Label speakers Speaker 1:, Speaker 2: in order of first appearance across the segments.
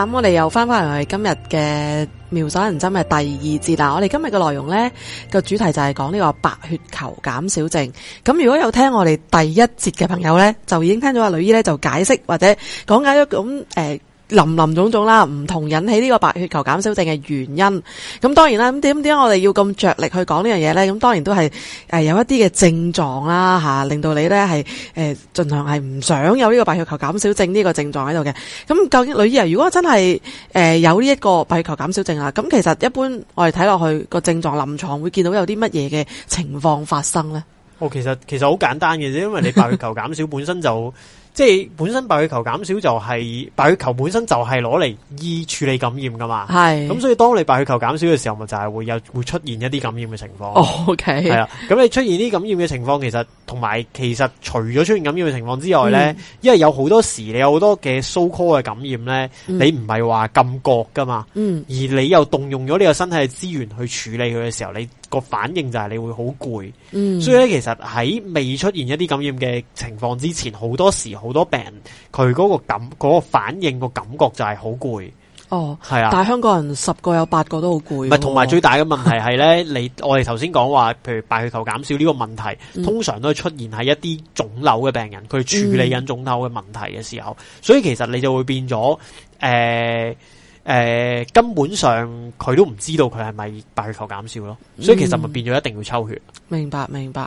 Speaker 1: 咁、嗯、我哋又翻翻嚟今日嘅妙手銀針嘅第二節，啦我哋今日嘅內容呢，個主題就係講呢個白血球減少症。咁、嗯、如果有聽我哋第一節嘅朋友呢，就已經聽咗阿女姨呢，就解釋或者講解咗咁誒。林林種種啦，唔同引起呢個白血球減少症嘅原因。咁當然啦，咁點點解我哋要咁着力去講呢樣嘢呢？咁當然都係誒、呃、有一啲嘅症狀啦，吓、啊、令到你呢係誒盡量係唔想有呢個白血球減少症呢個症狀喺度嘅。咁究竟女醫啊，如果真係誒、呃、有呢一個白血球減少症啊，咁其實一般我哋睇落去、個症狀臨床會見到有啲乜嘢嘅情況發生呢？
Speaker 2: 哦，其實其實好簡單嘅啫，因為你白血球減少本身就。 即係本身白血球減少就係、是、白血球本身就係攞嚟以處理感染噶嘛，係咁是、嗯、所以當你白血球減少嘅時候，咪就係、是、會有會出現一啲感染嘅情況。O K 係啦，咁你出現啲感染嘅情況，其實同埋其實除咗出現感染嘅情況之外咧，嗯、因為有好多時你有好多嘅 so-called 嘅感染咧，嗯、你唔係話禁覺噶嘛，嗯，而你又動用咗你個身體嘅資源去處理佢嘅時候，你。個反應就係你會好攰，嗯、所以咧其實喺未出現一啲感染嘅情況之前，好多時好多病人佢嗰個感、嗰個反應個感覺就係好攰哦，係啊，但係
Speaker 1: 香港人十個有八個都好攰，同埋最大
Speaker 2: 嘅問題係呢， 你我哋頭先講話，譬如白血球減少呢個問題，通常都係出現喺一啲腫瘤嘅病人，佢處理緊腫瘤嘅問題嘅時候，嗯、所以其實你就會變咗誒。呃誒、呃，根本上佢都唔知道佢係咪白血球減少咯，嗯、所以其實咪變咗一定要抽血。
Speaker 1: 明白明白，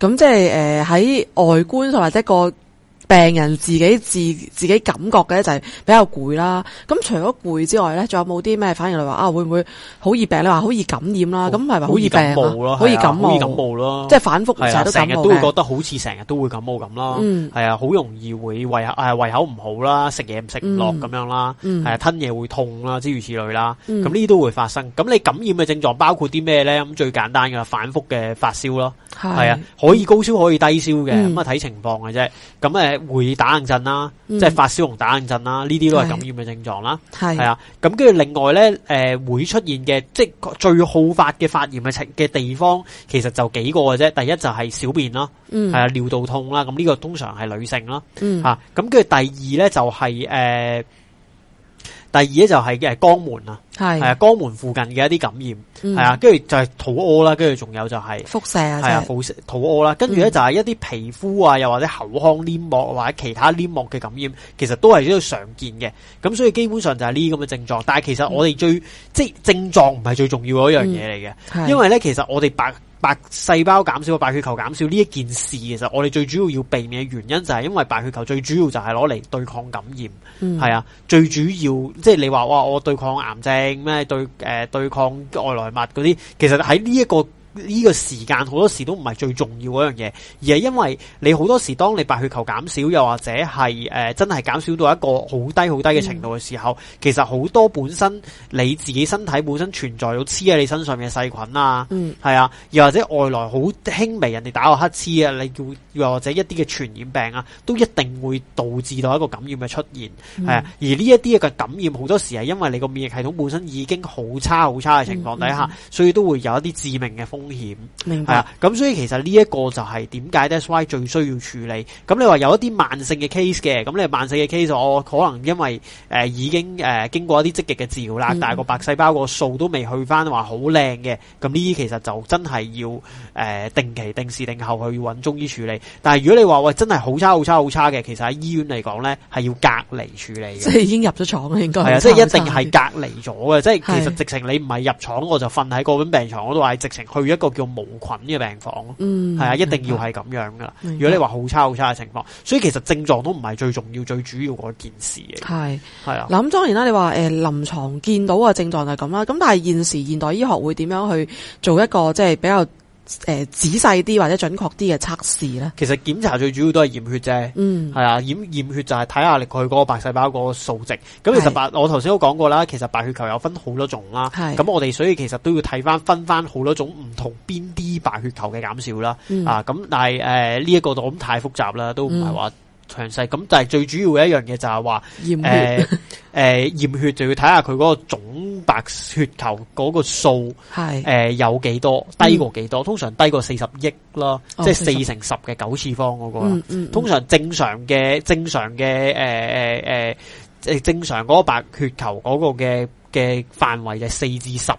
Speaker 1: 咁即係誒喺外觀上或者個。病人自己自自己感覺嘅咧就係比較攰啦，咁除咗攰之外咧，仲有冇啲咩反應？例如話啊，會唔會好易病？你話好易感染啦、啊，咁係話好易感冒咯，好、啊、易感冒
Speaker 2: 咯、啊，即係反覆成日都感冒，會覺得好似成日都會感冒咁啦。嗯，係啊，好容易會胃胃口唔好啦，食嘢唔食唔落咁樣啦，係、嗯嗯、啊，吞嘢會痛啦，諸如此類啦。咁呢啲都會發生。咁你感染嘅症狀包括啲咩咧？咁最簡單噶，反覆嘅發燒咯，係啊，啊，可以高燒可以低燒嘅，咁啊睇情況嘅啫。咁誒。呃會打硬震啦，嗯、即係發燒同打硬震啦，呢啲都係感染嘅症狀啦。係系是啊，咁跟住另外咧，誒、呃、會出現嘅，即係最好發嘅發炎嘅情嘅地方，其實就幾個嘅啫。第一就係小便啦，係、嗯、啊尿道痛啦，咁、這、呢個通常係女性啦，吓咁跟住第二咧就係、是、誒、呃，第二就係嘅肛門啊。係係啊，肛門附近嘅一啲感染，係、嗯、啊，跟住就係肚屙啦，跟住仲有就係輻射啊，係啊、嗯，輻射肚屙啦，跟住咧就係一啲皮膚啊，又或者口腔黏膜或者其他黏膜嘅感染，其實都係呢度常見嘅。咁所以基本上就係呢啲咁嘅症狀。但係其實我哋最、嗯、即係症狀唔係最重要嗰樣嘢嚟嘅，嗯、因為咧其實我哋白白細胞減少、白血球減少呢一件事，其實我哋最主要要避免嘅原因就係因為白血球最主要就係攞嚟對抗感染，係、嗯、啊，最主要即係你話哇，我對抗癌症。咩對誒、對抗外來物嗰啲，其實喺呢一個。呢個時間好多時都唔係最重要嗰樣嘢，而係因為你好多時當你白血球減少，又或者係誒、呃、真係減少到一個好低好低嘅程度嘅時候，嗯、其實好多本身你自己身體本身存在有黐喺你身上嘅細菌啊，嗯，係啊，又或者外來好輕微人哋打個乞嗤啊，你叫又或者一啲嘅傳染病啊，都一定會導致到一個感染嘅出現，係、嗯、啊，而呢一啲嘅感染好多時係因為你個免疫系統本身已經好差好差嘅情況底下，嗯嗯、所以都會有一啲致命嘅風。風險，係啊，咁所以其實呢一個就係點解 That's why 最需要處理。咁你話有一啲慢性嘅 case 嘅，咁你慢性嘅 case，我、哦、可能因為誒、呃、已經誒、呃、經過一啲積極嘅治療啦，嗯、但係個白細胞個數都未去翻話好靚嘅，咁呢啲其實就真係要誒、呃、定期定時定后去揾中醫處理。但係如果你話喂真係好差好差好差嘅，其實喺醫院嚟講咧係要隔離處理嘅，即係已
Speaker 1: 經入咗廠應該係啊，即係一定係
Speaker 2: 隔離咗嘅。即係的其實直情你唔係入廠，我就瞓喺嗰本病床，我都話係直情去。一個叫無菌嘅病房，係啊、嗯，一定要係咁樣噶啦。白如果你話好差好差嘅情況，所以其實症狀都唔係最重要、最主要嗰件事
Speaker 1: 嘅。係係啊。嗱咁當然啦，你話誒臨床見到嘅症狀就咁啦。咁但係現時現代醫學會點樣去做一個即係、就是、比較？誒、呃，仔細啲或者準確啲嘅測試咧，
Speaker 2: 其實檢查最主要都係驗血啫，嗯，係啊，驗驗血就係睇下佢嗰個白細胞個數值。咁其實白，是我頭先都講過啦，其實白血球有分好多種啦，係是。咁我哋所以其實都要睇翻，分翻好多種唔同邊啲白血球嘅減少啦，嗯、啊，咁但係誒呢一個就咁太複雜啦，都唔係話。詳細咁，但係最主要嘅一樣嘢就係話，驗血、誒誒驗血就要睇下佢嗰個總白血球嗰個數，係、 呃、有幾多，低過幾多？嗯、通常低過四十億啦，哦、即係四乘十嘅九次方嗰、那個。嗯嗯嗯通常正常嘅正常嘅誒誒誒誒，正常嗰、呃呃、個白血球嗰個嘅嘅範圍就係四至十。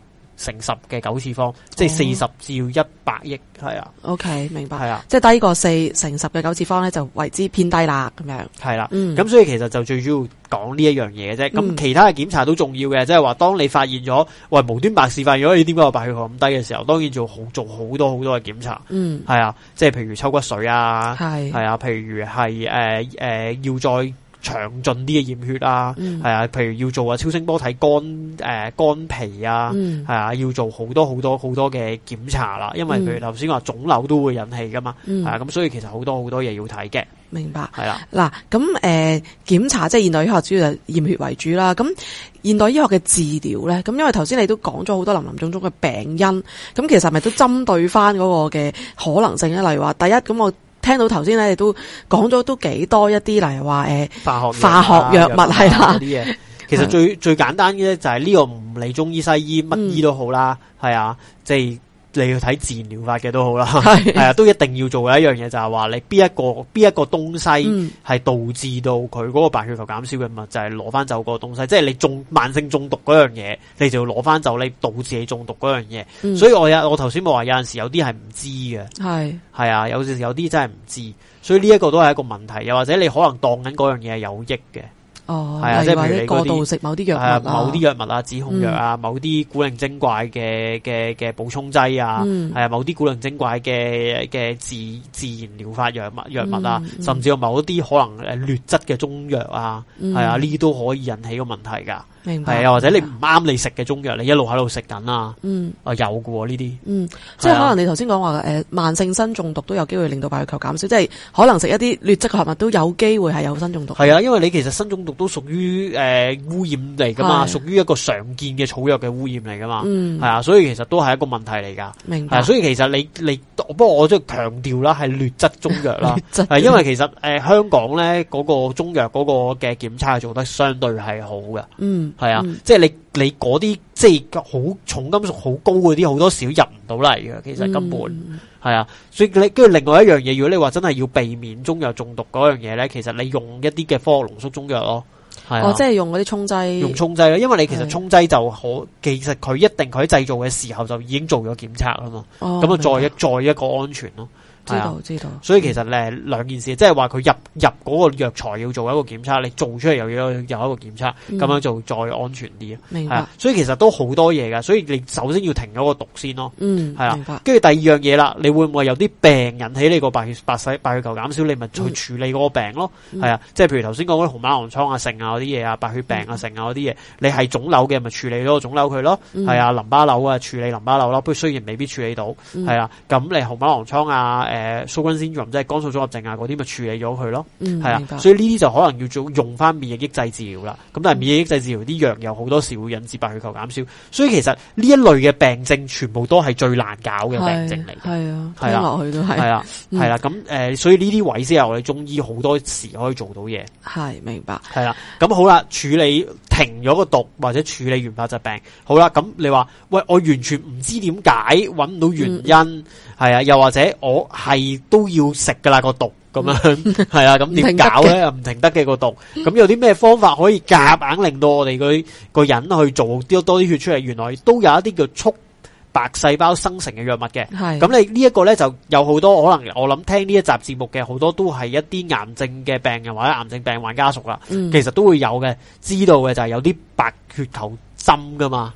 Speaker 2: 乘十嘅九次方，即係四十至一百億，係啊。
Speaker 1: OK，明白，係啊。即係低過四乘十嘅九次方咧，就為之偏低啦。咁樣係啦。
Speaker 2: 咁、啊嗯、所以其實就最主要講呢一樣嘢啫。咁其他嘅檢查都重要嘅，即係話當你發現咗喂、呃、無端白事發現咗，你點解我白血球咁低嘅時候，當然要好做好做好多好多嘅檢查。嗯，係啊，即係譬如抽骨髓啊，係係、嗯、啊，譬如係誒誒要再。詳盡啲嘅驗血啊，係、嗯、啊，譬如要做啊超聲波睇肝誒肝脾啊，係、嗯、啊，要做好多好多好多嘅檢查啦，因為譬如頭先話腫瘤都會引起噶嘛，嗯、啊，咁所以其實好多好多嘢要睇嘅。明白，係啦，
Speaker 1: 嗱咁誒檢查即係現代醫學主要就驗血為主啦。咁現代醫學嘅治療咧，咁因為頭先你都講咗好多林林總總嘅病因，咁其實咪都針對翻嗰個嘅可能性咧，例如話第一咁我。聽到頭先咧，你都講咗都幾多一啲，例如話誒化學
Speaker 2: 化學藥物係啦，啲嘢其實最最簡單嘅咧就係呢個唔理中醫西醫乜醫都好啦，係、嗯、啊，即係。你要睇自然療法嘅都好啦，係 啊，都一定要做嘅一樣嘢就係、係、話你邊一個邊一個東西係導致到佢嗰個白血球減少嘅嘛，就係攞翻走個東西，即係你中慢性中毒嗰樣嘢，你就要攞翻走你導致你中毒嗰樣嘢。 所以我，我有我頭先冇話有陣時有啲係唔知嘅，係係 啊，有時有啲真係唔知，所以呢一個都係一個問題，又或者你可能當緊嗰樣嘢係有益嘅。
Speaker 1: 哦，係啊，即係譬如你嗰啲，誒、啊啊，某啲
Speaker 2: 藥物啊，止痛藥啊，某啲古靈精怪嘅嘅嘅補充劑啊，係啊，某啲古靈精怪嘅嘅自自然療法藥物藥物啊，嗯、甚至有某一啲可能誒劣質嘅中藥啊，係、嗯、啊，呢啲都可以引起個問題噶。係啊，或者你唔啱你食嘅中藥，你一路喺度食緊啦。嗯，啊有嘅呢啲。嗯，
Speaker 1: 啊、即係可能你頭先講話誒，慢性砷中毒都有機會令到白血球減少，即係可能食一啲劣質嘅藥物都有機會係有砷中毒。
Speaker 2: 係啊，因為你其實砷中毒都屬於誒污染嚟噶嘛，屬於、啊、一個常見嘅草藥嘅污染嚟噶嘛。嗯，係啊，所以其實都係一個問題嚟噶。明白。係、啊，所以其實你你不過我即係強調啦，係 劣質中藥啦。因為其實誒、呃、香港咧嗰、嗰個中藥嗰個嘅檢測係做得相對係好嘅。嗯。
Speaker 3: 係啊，嗯、
Speaker 2: 即係你你嗰啲即係好重金屬好高嗰啲，好多時入唔到嚟嘅，其實根本係、嗯、啊，所以你跟住另外一樣嘢，如果你話真係要避免中藥中毒嗰樣嘢咧，其實你用一啲嘅科學濃縮中藥咯。係啊，哦、即係
Speaker 1: 用嗰啲沖劑，用
Speaker 2: 沖劑咯，因為你其實沖劑就可，其實佢一定佢喺製造嘅時候就已經做咗檢測啦嘛，咁啊、哦、再一白再一個安全咯。知道知道，知道所以其實誒兩件事，即係話佢入入嗰個藥材要做一個檢測，你做出嚟又要有一個檢測，咁、嗯、樣做再安全啲。明白啊，所以其實都好多嘢噶，所以你首先要停咗個毒先咯。嗯，係啦、啊，跟住白第二樣嘢啦，你會唔會有啲病引起你個白血白細白血球減少？你咪去處理嗰個病咯。係、嗯、啊，即係譬如頭先講嗰啲紅斑狼瘡啊、剩啊嗰啲嘢啊、白血病啊、剩啊嗰啲嘢，你係腫瘤嘅咪處理咗個腫瘤佢咯。係、嗯、啊，淋巴瘤啊處理淋巴瘤咯，不過雖然未必處理到，係、嗯、啊，咁你紅斑狼瘡啊。誒，Sjogren syndrome 即係乾燥綜合症啊，嗰啲咪處理咗佢咯，係啊，所以呢啲就可能要做用翻免疫抑制治療啦。咁但係免疫抑制治療啲藥有好多時會引致白血球減少，所以其實呢一類嘅病症全部都係最難搞嘅病症嚟。
Speaker 3: 係啊，的聽落去都係。係啦，
Speaker 2: 係啦，咁誒、嗯，所以呢啲位先係我哋中醫好多時可以做到嘢。係，明白。係啦，咁好啦，處理。停咗個毒或者處理原發疾病，好啦，咁你話喂，我完全唔知點解，揾唔到原因，係啊，又或者我係都要食噶啦個毒，咁樣，係啊，咁點搞咧？唔停得嘅個毒，咁有啲咩方法可以夾硬令到我哋嗰個人去做多多啲血出嚟？原來都有一啲叫促。白細胞生成嘅藥物嘅，咁是的 你呢一個咧就有好多可能，我諗聽呢一集節目嘅好多都係一啲癌症嘅病人或者癌症病患家屬啦，嗯、其實都會有嘅，知道嘅就係有啲白血球針㗎嘛，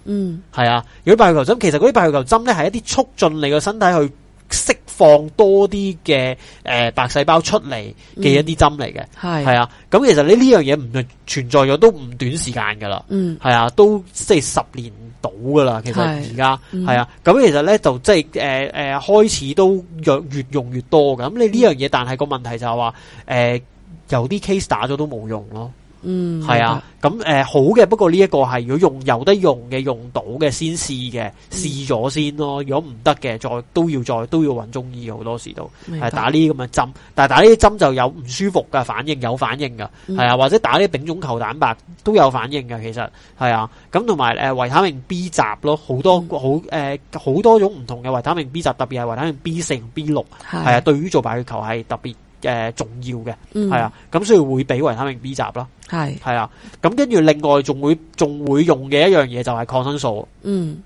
Speaker 2: 係啊、嗯，有啲白血球針，其實嗰啲白血球針咧係一啲促進你個身體去。釋放多啲嘅，誒白細胞出嚟嘅一啲針嚟嘅係係啊，咁其實呢呢樣嘢唔存在咗都唔短時間噶啦，係啊都即係十年到噶啦。其實而家係啊，咁其實咧就即係誒誒開始都越越用越多噶。咁你呢樣嘢，但係個問題就係話誒有啲 case 打咗都冇用咯。嗯，係啊，咁誒、呃、好嘅，不過呢一個係如果用有得用嘅，用到嘅先試嘅，試咗、嗯、先咯。如果唔得嘅，再都要再都要揾中醫，好多時都係白打呢啲咁嘅針。但係打呢啲針就有唔舒服嘅反應，有反應噶，係啊、嗯，或者打呢啲丙種球蛋白都有反應嘅。其實係啊，咁同埋誒維他命 B 集咯，好多、嗯、好誒好、呃、多種唔同嘅維他命 B 集，特別係維他命 B 四的、B 六的，係啊的，對於做白血球係特別。誒、呃，重要嘅，係啊、嗯，咁所以會俾維他命 B 集啦，係係啊，咁跟住另外仲會仲會用嘅一樣嘢就係抗生素，
Speaker 1: 嗯，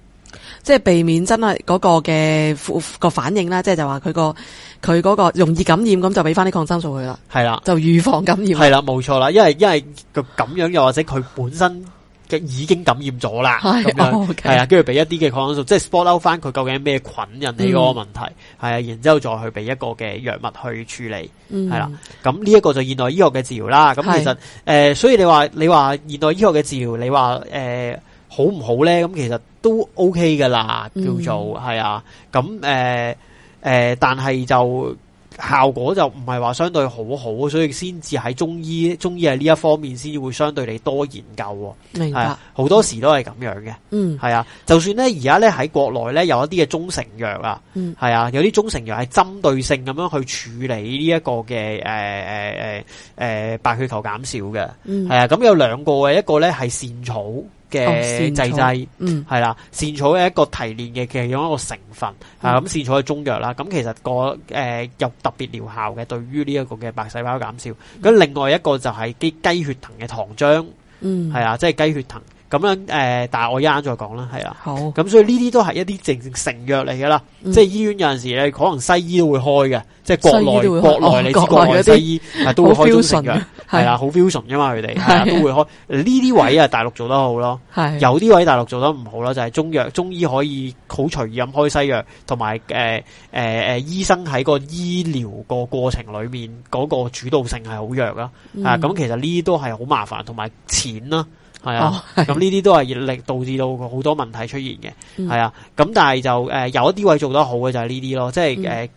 Speaker 1: 即係避免真係嗰個嘅個反應啦，即係就話佢個佢嗰個容易感染，咁就俾翻啲抗生素佢啦，係
Speaker 2: 啦的，就預防感染，係啦，冇錯啦，因為因為佢咁樣又或者佢本身。 已經感染咗啦，咁樣係啊，跟住俾一啲嘅抗生素，即係 follow 翻佢究竟咩菌引起個問題，係啊、嗯，然之後再去俾一個嘅藥物去處理，係啦、嗯，咁呢一個就現代醫學嘅治療啦。咁其實誒的、呃，所以你話你話現代醫學嘅治療，你話誒、呃、好唔好咧？咁其實都 OK 噶啦，叫做係啊。咁誒誒，但係就。效果就唔係話相對好好，所以先至喺中醫，中醫係呢一方面先至會相對你多研究，係啊，明白，係啊，好多時都係咁樣嘅。嗯，係啊，就算咧而家咧喺國內咧有一啲嘅中成藥啊，係啊，有啲中成藥係針對性咁樣去處理呢一個嘅誒誒誒誒白血球減少嘅，係、嗯、啊，咁有兩個嘅，一個咧係莧草。嘅製劑，係啦，善草係一個提煉嘅，其實用一個成分。吓，咁善草係中藥啦，咁其實個誒有特別療效嘅，對於呢一個嘅白細胞減少，咁另外一個就係啲雞血藤嘅糖漿，
Speaker 3: 嗯，係啊，
Speaker 2: 即係雞血藤。咁樣誒，但係我一陣再講啦，係啦。好。咁所以呢啲都係一啲中成藥嚟噶啦，即係醫院有陣時咧，可能西醫都會開嘅，即係國內國內你知國內西醫係都會開中藥，係啦，好 fusion 噶嘛，佢哋係都會開。呢啲位啊，大陸做得好咯，係有啲位大陸做得唔好啦，就係中藥中醫可以好隨意咁開西藥，同埋誒誒誒，醫生喺個醫療個過程裏面嗰個主導性係好弱啦。啊，咁其實呢啲都係好麻煩，同埋錢啦。係啊，咁呢啲都係熱力導致到好多問題出現嘅，係啊、嗯，咁但係就誒、呃、有一啲位做得好嘅就係呢啲咯，即係誒、呃嗯、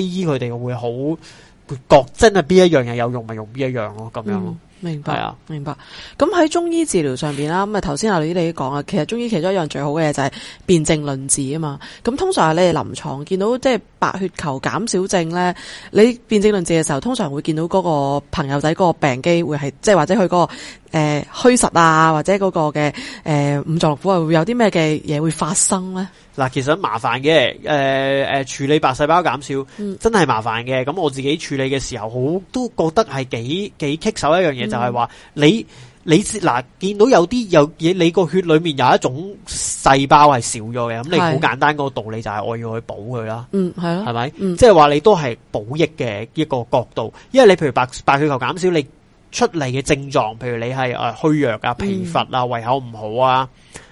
Speaker 2: 西醫佢哋會好覺真啊，邊一樣嘢有用咪用邊一樣、樣咯，咁樣咯，
Speaker 1: 明白啊，明白。咁喺的中醫治療上邊啦，咁啊頭先阿你哋講啊，其實中醫其中一樣最好嘅嘢就係辨證論治啊嘛。咁通常係你臨床見到即係白血球減少症咧，你辨證論治嘅時候，通常會見到嗰個朋友仔嗰個病機會係即係或者佢嗰、嗰個。誒，虛、呃、實啊，或者嗰個嘅誒、呃、五臟六腑啊，會有啲咩嘅嘢會發生咧？
Speaker 2: 嗱，其實麻煩嘅，誒、呃、誒、呃，處理白細胞減少，嗯、真係麻煩嘅。咁我自己處理嘅時候，好都覺得係幾幾棘手一樣嘢，嗯、就係話你你嗱見到有啲有嘢，你個血裏面有一種細胞係少咗嘅，咁、嗯、你好簡單嗰個道理就係我要去補佢啦。嗯，係咯，係咪、嗯吧？即係話你都係補益嘅一個角度，因為你譬如白白血球減少，你。出嚟嘅症狀，譬如你係誒虛弱啊、疲乏啊、胃口唔好啊，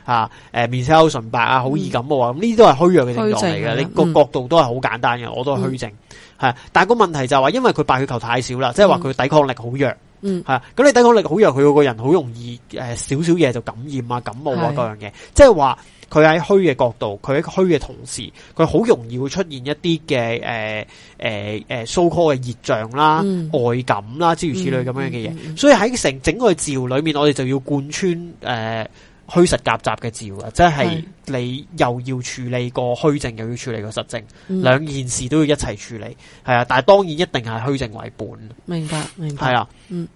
Speaker 2: 吓、呃、誒面色好純白啊，好易感冒啊，咁呢啲都係虛弱嘅症狀嚟嘅。症你個角度都係好簡單嘅，嗯、我都係虛症，係。但係個問題就係話，因為佢白血球太少啦，即係話佢抵抗力好弱，係、嗯。咁、嗯、你抵抗力好弱，佢個人好容易誒，少少嘢就感染啊、感冒啊各樣嘢，即係話。佢喺虛嘅角度，佢喺虛嘅同時，佢好容易會出現一啲嘅誒誒誒，所謂嘅熱象啦、嗯、外感啦，諸如此類咁樣嘅嘢。嗯嗯嗯、所以喺成整，整個治療裏面，我哋就要貫穿誒虛、呃、實夾雜嘅治療啊，即係你又要處理個虛症，又要處理個實症，兩、嗯、件事都要一齊處理，係啊。但係當然一定係虛症為本，
Speaker 1: 明白，明白，係啊的，嗯。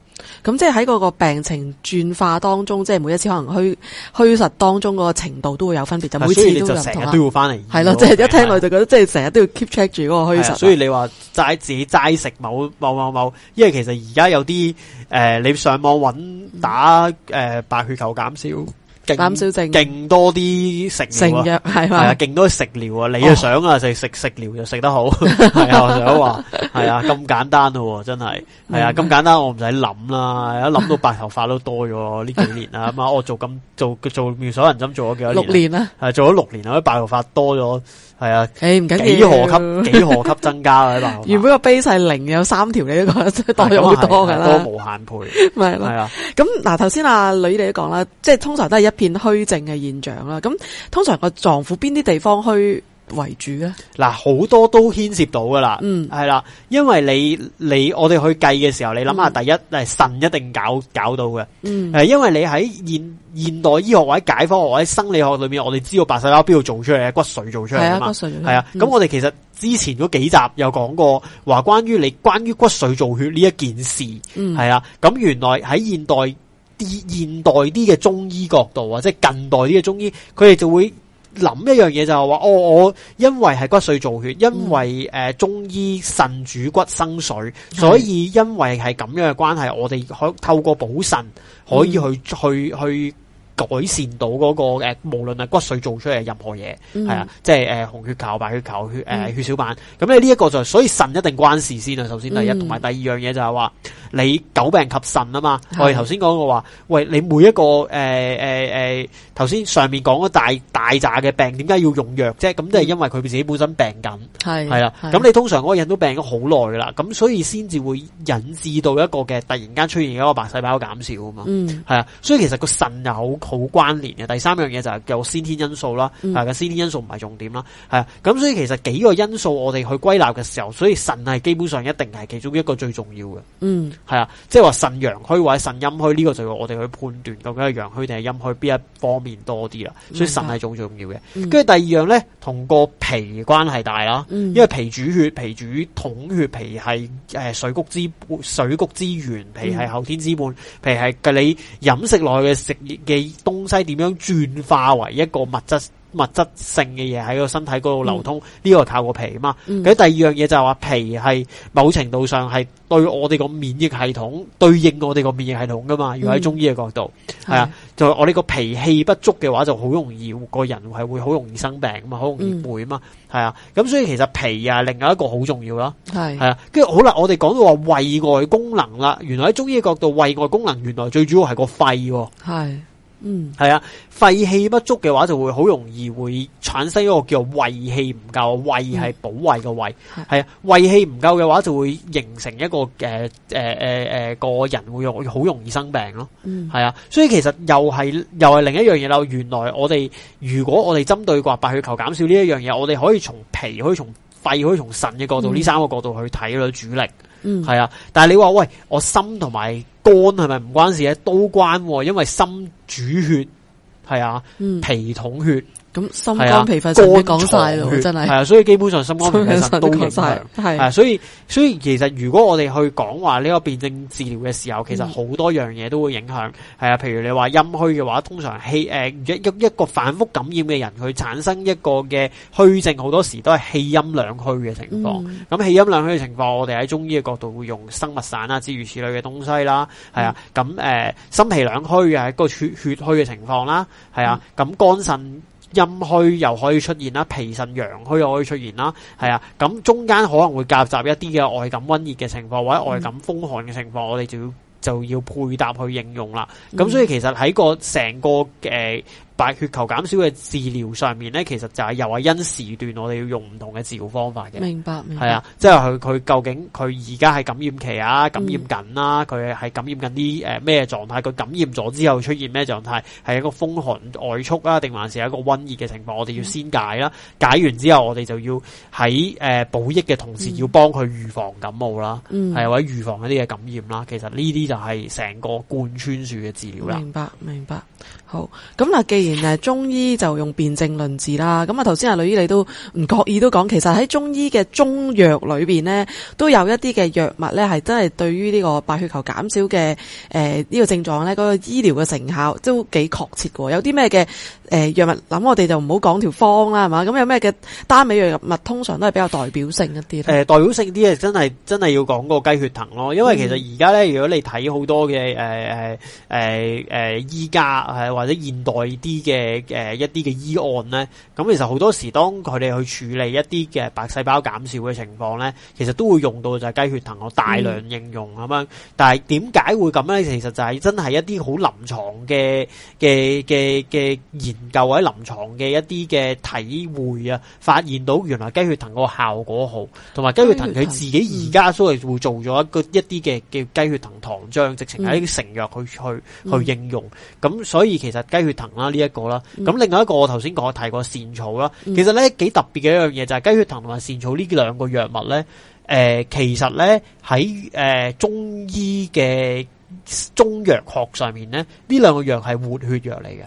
Speaker 1: 咁、嗯、即係喺嗰個病情轉化當中，即係每一次可能虛虛實當中嗰個程度都會有分別，就每次、嗯、你就成日都要翻
Speaker 2: 嚟。係咯，即係一
Speaker 1: 聽落就覺得即係成日都要 keep check 住嗰個虛實、嗯。所以你
Speaker 2: 話齋自己齋食某某某某，因為其實而家有啲誒、呃，你上網揾打誒、呃、白血球減少。減少症，勁多啲食食藥係嘛，勁多食療啊！你又想啊，食食食療就食得好，係啊我想話，係啊咁簡單咯，真係，係啊咁簡單，我唔使諗啦，一諗到白頭髮都多咗呢幾年啦。咁啊，我做咁做做妙手銀針做咗幾多年？六年啦，係做咗六年啊，啲白頭髮多咗。係啊，誒，唔緊要，幾何級幾何級增加啦，
Speaker 1: 原本個 base 係零，有三條你都多咗好多噶啦， 多無限倍，係啊，咁嗱，頭先阿女你都講啦，即係通常都係一片虛症嘅現象啦，咁通常個臟腑邊啲地方虛？為主嘅
Speaker 2: 嗱，好多都牽涉到噶啦，係啦、嗯，因為你你我哋去計嘅時候，你諗下第一，誒腎、嗯、一定搞搞到嘅，誒、嗯，因為你喺現現代醫學或者解剖學或者生理學裏面，我哋知道白細胞邊度做出嚟嘅？骨髓做出嚟啊，嗯、的骨髓係啊，咁的、嗯、我哋其實之前嗰幾集有講過話關於你關於骨髓造血呢一件事，係啊、嗯，咁原來喺現代啲現代啲嘅中醫角度啊，即係近代啲嘅中醫，佢哋就會。諗一樣嘢就係、是、話，哦，我因為係骨髓造血，因為誒、呃、中醫腎主骨生髓，所以因為係咁樣嘅關係，我哋可透過補腎可以去、嗯、去去改善到嗰、那個誒、呃，無論係骨髓做出嚟任何嘢，係、嗯、啊，即係誒、呃、紅血球、白血球、血誒、呃、血小板，咁咧呢一個就是、所以腎一定關事先啊，首先第一，同埋第二樣嘢就係、是、話。你久病及腎啊嘛，是的 我哋頭先講過話，喂你每一個誒誒誒，頭、呃、先、呃、上面講嗰大大扎嘅病，點解要用藥啫？咁都係因為佢自己本身病緊，
Speaker 3: 係係啦。咁的的你
Speaker 2: 通常嗰人都病咗好耐噶啦，咁所以先至會引致到一個嘅突然間出現一個白細胞減少啊嘛，係啊、嗯。所以其實個腎又好好關聯嘅。第三樣嘢就係有先天因素啦，係嘅、嗯、先天因素唔係重點啦，係啊。咁所以其實幾個因素我哋去歸納嘅時候，所以腎係基本上一定係其中一個最重要嘅，嗯。係啊，即係話腎陽虛或者腎陰虛呢個就要我哋去判斷究竟係陽虛定係陰虛邊一方面多啲啦，所以腎係最重要嘅。跟住、嗯、第二樣咧，同個脾關係大啦，因為脾主血，脾主統血，脾係誒水穀之水穀之源，脾係後天之本，脾係嘅你飲食內嘅食嘅東西點樣轉化為一個物質。物質性嘅嘢喺個身體嗰度流通，呢個、嗯、靠個脾啊嘛。咁、嗯、第二樣嘢就係話脾係某程度上係對我哋個免疫系統，對應我哋個免疫系統噶嘛。要喺中醫嘅角度，
Speaker 1: 係、嗯、
Speaker 2: 是啊，就我哋個脾氣不足嘅話，就好容易個人係會好容易生病嘛，咁啊好容易攰啊嘛。係、嗯、啊。咁所以其實脾是啊，另外一個好重要啦，係係啊。跟住好啦，我哋講到話衛外功能啦，原來喺中醫嘅角度，衛外功能原來最主要係個肺。喔，
Speaker 1: 係。嗯，
Speaker 2: 係啊，肺氣不足嘅話就會好容易會產生一個叫衛氣唔夠，衛係保衛嘅衛，係、嗯、啊，衛氣唔夠嘅話就會形成一個誒誒誒誒個人會好容易生病咯，係、嗯、啊，所以其實又係又係另一樣嘢啦，原來我哋如果我哋針對白血球減少呢一樣嘢，我哋可以從脾，可以從肺，可以從腎嘅角度呢、嗯、三個角度去睇咯主力。嗯，係啊，但係你話喂，我心同埋肝係咪唔關事咧？都關啊，因為心主血，係啊，嗯，脾統血。
Speaker 1: 咁心肝脾肺，肝講晒咯，真係係啊，所以基本上心肝脾肺都講晒。係
Speaker 2: 所以所以其實如果我哋去講話呢個辨證治療嘅時候，其實好多樣嘢都會影響。係、嗯、啊，譬如你話陰虛嘅話，通常氣誒一一一個反覆感染嘅人，佢產生一個嘅虛症，好多時都係氣陰兩虛嘅情況。咁氣陰兩虛嘅情況，我哋喺中醫嘅角度會用生物散啊諸如此類嘅東西啦。係啊，咁誒心脾兩虛嘅係一個血血虛嘅情況啦。係啊，咁肝腎。陰虛又可以出現啦，脾腎陽虛又可以出現啦，係啊，咁、嗯、中間可能會夾雜一啲嘅外感溫熱嘅情況，或者外感風寒嘅情況，我哋就要就要配搭去應用啦。咁、嗯、所以其實喺個成個誒。呃白血球減少嘅治療上面咧，其實就係又係因時段，我哋要用唔同嘅治療方法嘅。明白，明白。係啊，即係佢佢究竟佢而家係感染期啊，感染緊啦，佢係感染緊啲誒咩狀態？佢感染咗之後出現咩狀態？係一個風寒外束啊，定還是一個瘟熱嘅情況？我哋要先解啦，解完之後我哋就要喺誒補益嘅同時，要幫佢預防感冒啦，係或者預防一啲嘅感染啦。其實呢啲就係成個貫穿住嘅治療啦。明
Speaker 1: 白，明白。好，咁嗱，既然中醫就用辨證論治啦。咁啊，頭先阿女姨你都唔覺意都講，其實喺中醫嘅中藥裏邊咧，都有一啲嘅藥物咧，係真係對於呢個白血球減少嘅誒呢個症狀咧，嗰個醫療嘅成效都幾確切嘅。有啲咩嘅？誒藥、欸、物，諗我哋就唔好講條方啦，係嘛？咁有咩嘅單味藥物，通常都係比較代表性一啲。誒、呃，代表性
Speaker 2: 啲嘢真係真係要講個雞血藤咯，因為其實而家咧，如果你睇好多嘅誒誒誒誒醫家，係、呃呃呃、或者現代啲嘅誒一啲嘅、呃、醫案咧，咁其實好多時當佢哋去處理一啲嘅白細胞減少嘅情況咧，其實都會用到就係雞血藤，我大量應用咁、嗯、樣。但係點解會咁咧？其實就係真係一啲好臨床嘅嘅嘅嘅夠喺臨床嘅一啲嘅體會啊，發現到原來雞血藤個效果好，同埋雞血藤佢自己而家所謂會做咗一個一啲嘅叫雞血藤糖漿，直情喺成藥去去去應用。咁、嗯嗯、所以其實雞血藤啦呢一個啦，咁、嗯、另外一個我頭先講我提過茜草啦、嗯就是呃，其實咧幾特別嘅一樣嘢就係雞血藤同埋茜草呢兩個藥物咧，誒其實咧喺誒中醫嘅。中藥學上面咧，呢兩個藥係活血藥嚟嘅。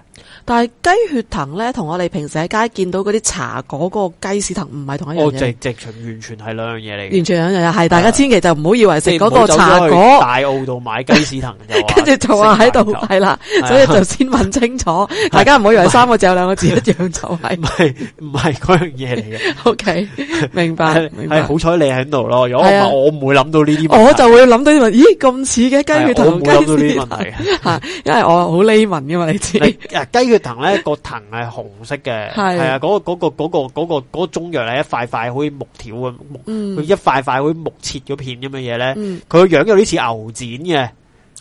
Speaker 1: 但係雞血藤咧，同我哋平時喺街見到嗰啲茶果個雞屎藤唔係同一樣嘅，直
Speaker 2: 直情完全係兩樣嘢嚟嘅。完全兩樣嘢
Speaker 1: 係，大家千祈就唔好以為食嗰個茶果。大
Speaker 2: 澳度買雞屎藤，
Speaker 1: 跟住就話喺度係啦，所以就先問清楚，大家唔好以為三個字有兩個字一樣就係，唔係唔係嗰樣嘢嚟嘅。OK，明白，係好
Speaker 2: 彩你喺度咯，如果唔係我唔會諗到呢啲問題，我就
Speaker 1: 會諗到，咦，咁似嘅雞血藤。冇諗到呢啲問題，嚇！
Speaker 2: 因為我好匿問嘅嘛，你知？誒，雞血藤咧，個藤係紅色嘅，係啊，嗰個嗰個嗰中藥咧，一塊塊好似木條咁，嗯，佢一塊塊好似木切咗片咁嘅嘢咧，佢個樣有啲似牛腱嘅。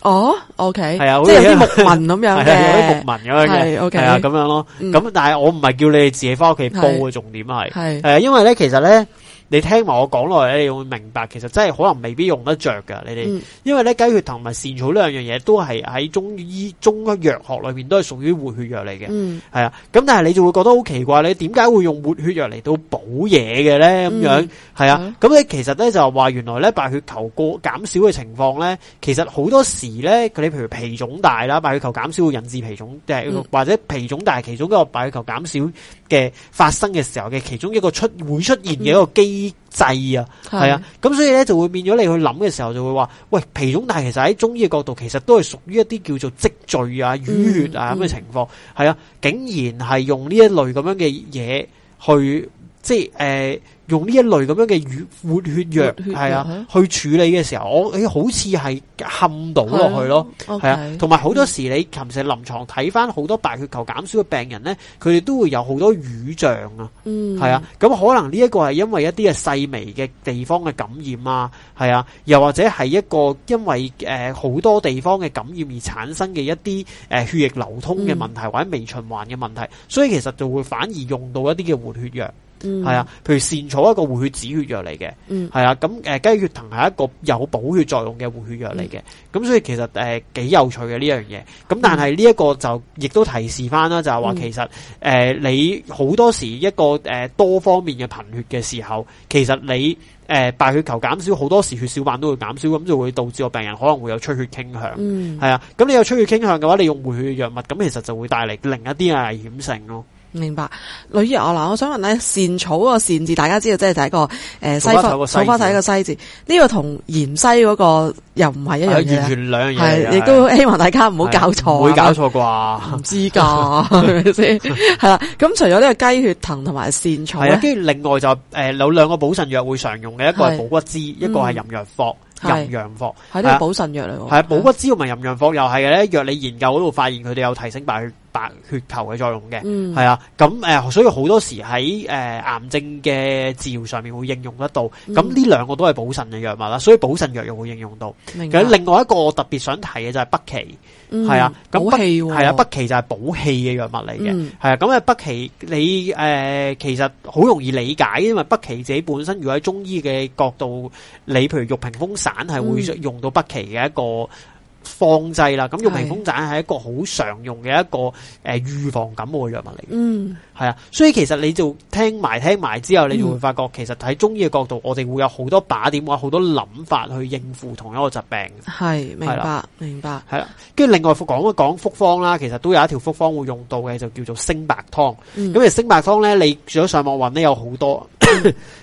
Speaker 1: 哦，OK，係啊，好似啲木紋咁樣嘅，有啲木
Speaker 2: 紋咁樣嘅，OK，係啊，咁樣咯。咁但係我唔係叫你哋自己翻屋企煲嘅重點係，係，啊，因為咧，其實咧。你聽埋我講落嚟，你會明白其實真係可能未必用得着噶，你哋，嗯、因為咧雞血藤同埋善草呢兩樣嘢都係喺中醫中藥學裏邊都係屬於活血藥嚟嘅，係啊、嗯。咁但係你就會覺得好奇怪，你點解會用活血藥嚟到補嘢嘅咧？咁樣係啊。咁你、嗯嗯、其實咧就話原來咧白血球過減少嘅情況咧，其實好多時咧佢你譬如脾腫大啦，白血球減少會引致脾腫，即、呃、係、嗯、或者脾腫大其中一個白血球減少嘅發生嘅時候嘅其中一個出會出現嘅一個機。嗯啲劑啊，係啊是，咁所以咧就會變咗你去諗嘅時候就會話，喂，脾腫大。其實喺中醫嘅角度，其實都係屬於一啲叫做積聚啊淤血啊咁嘅情況，係、嗯嗯、啊，竟然係用呢一類咁樣嘅嘢去。即係誒、呃，用呢一類咁樣嘅活活血藥係啊，去處理嘅時候，我誒、欸、好似係冚到落去咯，係啊。同埋好多時你琴日臨床睇翻好多白血球減少嘅病人咧，佢哋都會有好多瘀象，、嗯、啊，係、嗯、啊。咁、嗯、可能呢一個係因為一啲嘅細微嘅地方嘅感染啊，係啊，又或者係一個因為誒好、呃、多地方嘅感染而產生嘅一啲誒、呃、血液流通嘅問題或者微循環嘅問題，嗯、所以其實就會反而用到一啲嘅活血藥。係啊，譬如善草一個活血止血藥嚟嘅，係、嗯、啊，咁誒雞血藤係一個有補血作用嘅活血藥嚟嘅，咁、嗯、所以其實誒、呃、幾有趣嘅呢樣嘢。咁但係呢一個就亦都提示翻啦，就係話其實誒、呃、你好多時一個誒、呃、多方面嘅貧血嘅時候，其實你誒、呃、白血球減少好多時血小板都會減少，咁就會導致個病人可能會有出血傾向。係、嗯、啊，咁你有出血傾向嘅話，你用活血藥物，咁其實就會帶嚟另一啲嘅危險性咯。
Speaker 1: 明白，女醫我嗱，我想問咧，茜草個茜字，大家知道即係第一個誒，西方，草花係一個西字，呢個同芫茜嗰個又唔係一樣，完全兩樣嘢。係，亦都希望大家唔好搞錯，會搞錯
Speaker 2: 啩？唔
Speaker 1: 知噶，係咪先？係啦，咁除咗呢個雞血藤同埋茜草，跟住
Speaker 2: 另外就誒有兩個補腎藥會常用嘅，一個係補骨脂，一個係淫羊藿，淫羊藿係呢個補
Speaker 1: 腎藥嚟喎，係補
Speaker 2: 骨脂同埋淫羊藿又係嘅咧。藥理研究嗰度發現佢哋有提升白血。白血球嘅作用嘅，係、嗯、啊，咁、呃、誒，所以好多時喺誒、呃、癌症嘅治療上面會應用得到。咁呢兩個都係補腎嘅藥物啦，所以補腎藥又會應用到。明白啊、另外一個我特別想提嘅就係北芪，係、嗯、啊，咁北係啊北芪就係補氣嘅藥物嚟嘅，係補氣、哦、啊，咁、嗯、啊北芪你誒、呃、其實好容易理解，因為北芪自己本身如果喺中醫嘅角度，你譬如玉屏風散係會用到北芪嘅一個。嗯一個放製啦，咁用屏風散係一個好常用嘅一個誒、呃、預防感冒嘅藥物嚟。嗯，係啊，所以其實你就聽埋聽埋之後，你就會發覺其實喺中醫嘅角度，我哋會有好多把點，或好多諗法去應付同一個疾病。
Speaker 1: 係，明白，明白，
Speaker 2: 係啦。跟住另外講一講複方啦，其實都有一條複方會用到嘅，就叫做升白湯。咁、嗯嗯、其實升白湯咧，你如果上網揾咧，有好多。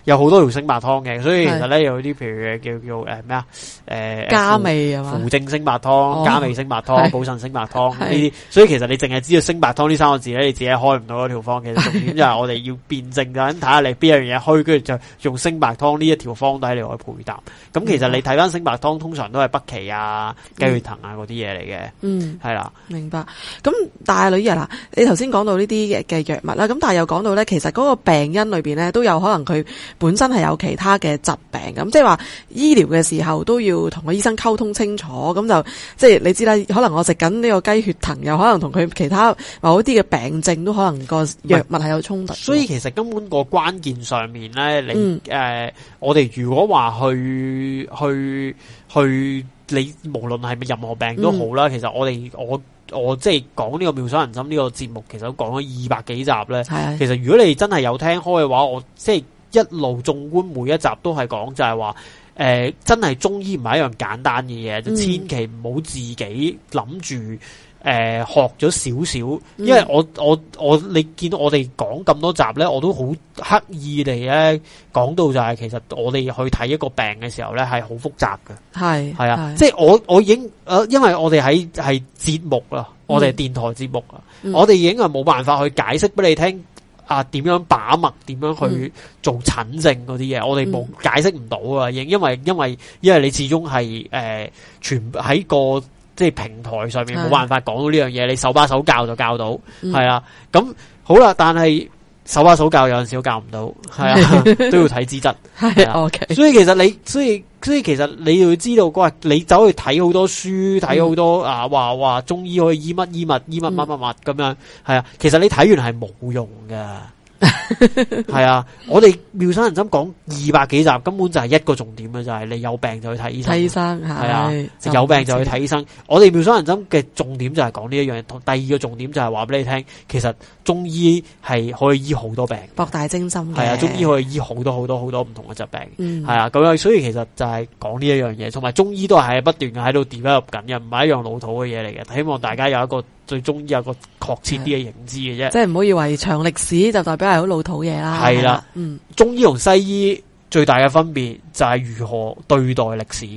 Speaker 2: 有好多條升白湯嘅，所以其實咧有啲譬如，叫叫誒咩啊誒加味啊扶正升白湯、加味升白湯、補腎升白湯呢啲，所以其實你淨係知道升白湯呢三個字咧，你自己開唔到嗰條方嘅。重點就係我哋要辨證噶，咁睇下你邊樣嘢虛，跟住就用升白湯呢一條方底嚟，去配搭。咁其實你睇翻升白湯，通常都係北芪啊、雞血藤啊嗰啲嘢嚟嘅。嗯，係啦，
Speaker 1: 明白。咁但係女醫啊，你頭先講到呢啲嘅藥物啦，咁但係又講到咧，其實嗰個病因裏邊咧都有可能。佢本身係有其他嘅疾病咁，即係話醫療嘅時候都要同個醫生溝通清楚，咁就即係你知啦。可能我食緊呢個雞血藤，又可能同佢其他某啲嘅病症都可能個藥物係有衝突。所以其
Speaker 2: 實根本個關鍵上面呢，你誒、嗯呃，我哋如果話去去去，去，你無論係咪任何病都好啦，嗯、其實我哋我。我即係講呢個妙手人心呢、這個節目，其實講咗二百幾集呢。的其實如果你真係有聽開嘅話，我即係一路縱觀每一集都係講就係話，誒、呃、真係中醫唔係一樣簡單嘅嘢，就千祈唔好自己諗住。誒、呃，學咗少少，因為我我我，你見到我哋講咁多集咧，我都好刻意地咧講到就係，其實我哋去睇一個病嘅時候咧，係好複雜嘅。係係是啊，是即係我我已經，誒、呃，因為我哋喺係節目啊，嗯、我哋係電台節目啊，嗯、我哋已經係冇辦法去解釋俾你聽啊，點、呃、樣把脈，點樣去做診症嗰啲嘢，嗯、我哋冇解釋唔到啊，因為因為因為因為你始終係誒，全喺個。即係平台上面冇辦法講到呢樣嘢，的你手把手教就教到，係啊、嗯，咁好啦。但係手把手教有陣時都教唔到，係啊， 都要睇資質，係啊。 所以其實你，所以所以其實你要知道，嗰日你走去睇好多書，睇好多、嗯、啊話話中醫可以醫乜醫物醫乜乜乜物咁樣，係啊。其實你睇完係冇用噶。係啊， 我哋妙手銀針講二百幾集，根本就係一個重點嘅就係、是、你有病就去睇醫生，係啊，的的有病就去睇醫生。的我哋妙手銀針嘅重點就係講呢一樣嘢，同第二個重點就係話俾你聽，其實中醫係可以醫好多病，
Speaker 1: 博大精深。係啊，中醫
Speaker 2: 可以醫好多好多好多唔同嘅疾病。係啊、嗯，咁樣所以其實就係講呢一樣嘢，同埋中醫都係不斷喺度 develop 緊嘅，唔係一樣老土嘅嘢嚟嘅。希望大家有一個。對中醫有個確切啲嘅認知嘅啫，即
Speaker 1: 係唔好以為長歷史就代表係好老土嘢啦。係啦的，嗯，
Speaker 2: 中醫同西醫最大嘅分別就係如何對待歷史。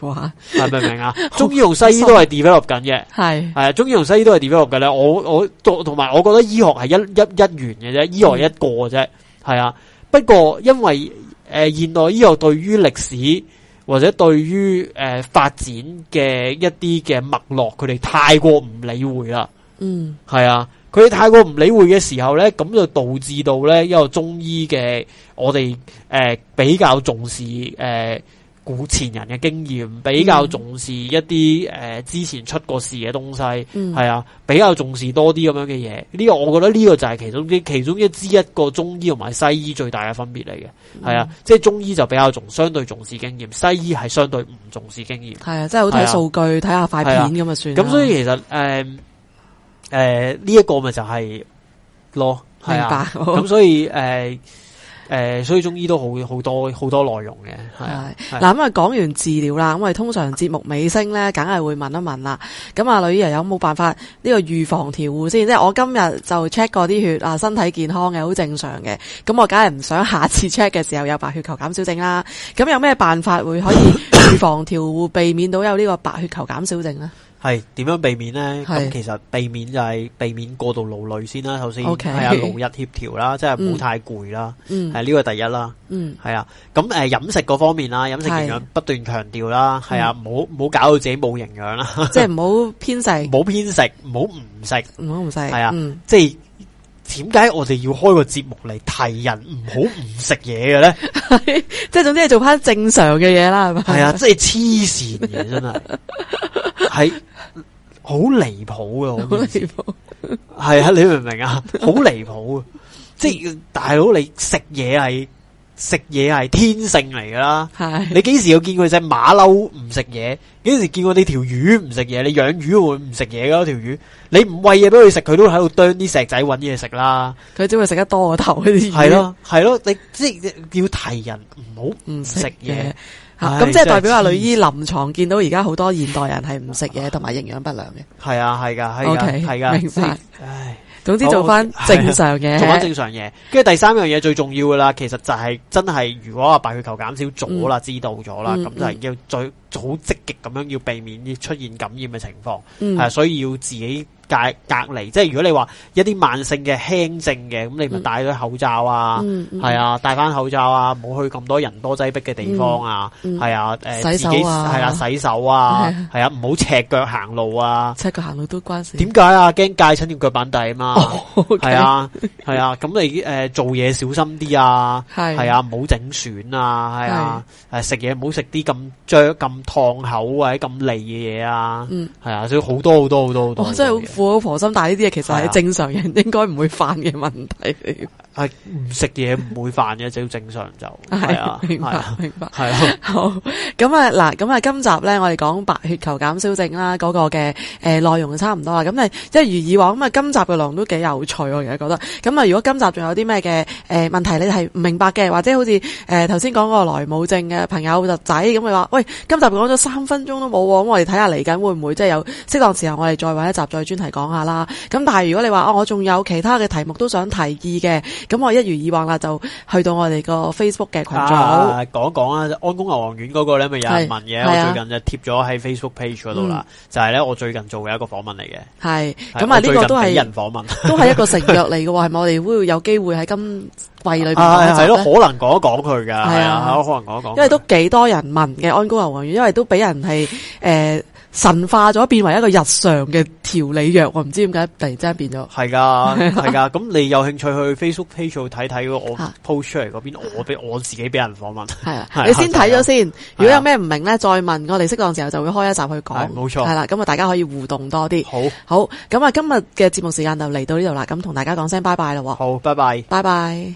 Speaker 2: 哇， 係明唔明啊？中醫同西醫都係 develop 緊嘅，係係啊，中醫同西醫都係 develop 緊啦。我我同埋，我,我覺得醫學係一一一元嘅啫，醫學係一個嘅啫，係啊、嗯。不過因為誒、呃、現代醫學對於歷史。或者對於誒、呃、發展嘅一啲嘅脈絡，佢哋太過唔理會啦。嗯，係啊，佢哋太過唔理會嘅時候咧，咁就導致到咧一個中醫嘅我哋誒、呃、比較重視誒、呃古前人嘅經驗比較重視一啲誒、呃、之前出過事嘅東西，係、嗯、啊，比較重視多啲咁樣嘅嘢。呢、這個我覺得呢個就係其中一其中一之一個中醫同埋西醫最大嘅分別嚟嘅，係、嗯、啊，即係中醫就比較重，相對重視經驗，西醫係相對唔重視經驗。係、嗯、啊，即係好睇數據，睇下塊片咁啊就算。咁、啊、所以其實誒誒呢一個咪就係、是、咯、啊啊，明白。咁所以誒。 誒、呃，所以中醫都好好多好多內容嘅，
Speaker 1: 係嗱咁啊，講的的完治療啦，咁我通常節目尾聲咧，梗係會問一問啦。咁啊，女醫生有冇辦法呢個預防調護先？即係我今日就 check 過啲血啊，身體健康嘅，好正常嘅。咁我梗係唔想下次 check 嘅時候有白血球減少症啦。咁有咩辦法會可以預 防調護，避免到有呢個白血球減少症呢？係
Speaker 2: 點樣避免咧？咁其實避免就係避免過度勞累先啦。首先係啊，勞逸協調啦，即係唔好太攰啦。係呢個第一啦。嗯，係啊。咁誒，飲食嗰方面啦，飲食營養不斷強調啦。係啊，唔好唔好搞到自己冇營養啦。即係唔好偏食，唔好偏食，唔好唔食，唔好唔食。係啊，即係。點解我哋要開個節目嚟提人唔好唔食嘢嘅咧？
Speaker 1: 即係 總之係做翻正常嘅嘢啦，係嘛？係啊，即係黐線嘢，
Speaker 2: 真係係好離譜嘅，好離譜。係 啊，你明唔明啊？好離譜啊！ 即係大佬，你食嘢係。食嘢係天性嚟噶啦，是的 你幾時有見過隻馬騮唔食嘢？幾時見過你條魚唔食嘢？你養魚會唔食嘢噶？條魚你唔餵嘢俾佢食，佢都喺度啄啲石仔搵嘢食啦。
Speaker 1: 佢只會食得多過頭。係咯，係咯，你即要提人唔好唔食嘢，咁即係代表阿女醫臨床見到而家好多現代人係唔食嘢同埋營養不良
Speaker 2: 嘅。係啊，係噶，係噶，係噶，係。
Speaker 1: 總之做翻正常嘢， 做翻正常嘢。
Speaker 2: 跟住第三樣嘢最重要噶啦，其實就係真係，如果阿白血球減少咗啦，嗯、知道咗啦，咁、嗯、就係要最好積極咁樣要避免出現感染嘅情況。係、嗯啊，所以要自己。隔隔離，即係如果你話一啲慢性嘅輕症嘅，咁你咪戴咗口罩啊，係啊，戴翻口罩啊，唔好去咁多人多擠迫嘅地方啊，係啊，誒自己係啊洗手啊，係啊，唔好赤腳行路啊，赤
Speaker 1: 腳行路都關事。點
Speaker 2: 解啊？驚戒親啲腳板底啊嘛，係啊係啊，咁你誒做嘢小心啲啊，係係啊，唔好整損啊，係啊，誒食嘢唔好食啲咁灼咁燙口或者咁膩嘅嘢啊，嗯，係啊，所以好多好多好多
Speaker 1: 好多。父老婆心，但係呢啲嘢其實係正常人
Speaker 2: 應該唔會犯嘅問題。 係唔食嘢唔會犯嘅，就正常就係 啊，明白，
Speaker 1: 啊、明白，係啊。 好咁啊，嗱咁啊，今集咧我哋講白血球減少症啦，嗰個嘅誒內容就差唔多啦。咁啊，即係如以往咁啊，今集嘅內容都幾有趣，我其實覺得。咁啊，如果今集仲有啲咩嘅誒問題你係唔明白嘅，或者好似誒頭先講個萊姆症嘅朋友侄仔咁，你話喂，今集講咗三分鐘都冇，咁我哋睇下嚟緊會唔會即係有適當時候我哋再揾一集再專題講下啦。咁但係如果你話哦，我、啊、仲有其他嘅題目都想提議嘅。咁我一如以往啦，就去到我哋個 Facebook 嘅群組
Speaker 2: 講一講啊說說安宮牛黃丸嗰個咧，咪有人問嘅，是我最近就貼咗喺 Facebook page 嗰度啦，就係、是、咧我最近做嘅一個訪問嚟嘅。係是，咁啊呢個都係俾人訪問，都係一個成約
Speaker 1: 嚟嘅喎，係咪？我哋會有機會喺今季裏邊係咯，可能
Speaker 2: 講一講佢噶，係啊，啊，啊，可能講一講、啊啊。因為
Speaker 1: 都幾多人問嘅安宮牛黃丸，因為都俾人係誒。神化咗，變為一個日常嘅調理藥，我唔知點解突然之間變咗。係
Speaker 2: 噶，係噶。咁 你有興趣去 Facebook page 度睇睇我 post 出嚟嗰邊，我俾我自己俾人訪問。係啦的，的你先睇咗
Speaker 1: 先。的如果有咩唔明咧，的再問我哋適當時候就會開一集去講。冇錯。係啦，咁啊，大家可以互動多啲。好，好。咁啊，今日嘅節目時間就嚟到呢度啦。咁同大家講聲拜拜咯。好，拜拜，拜拜。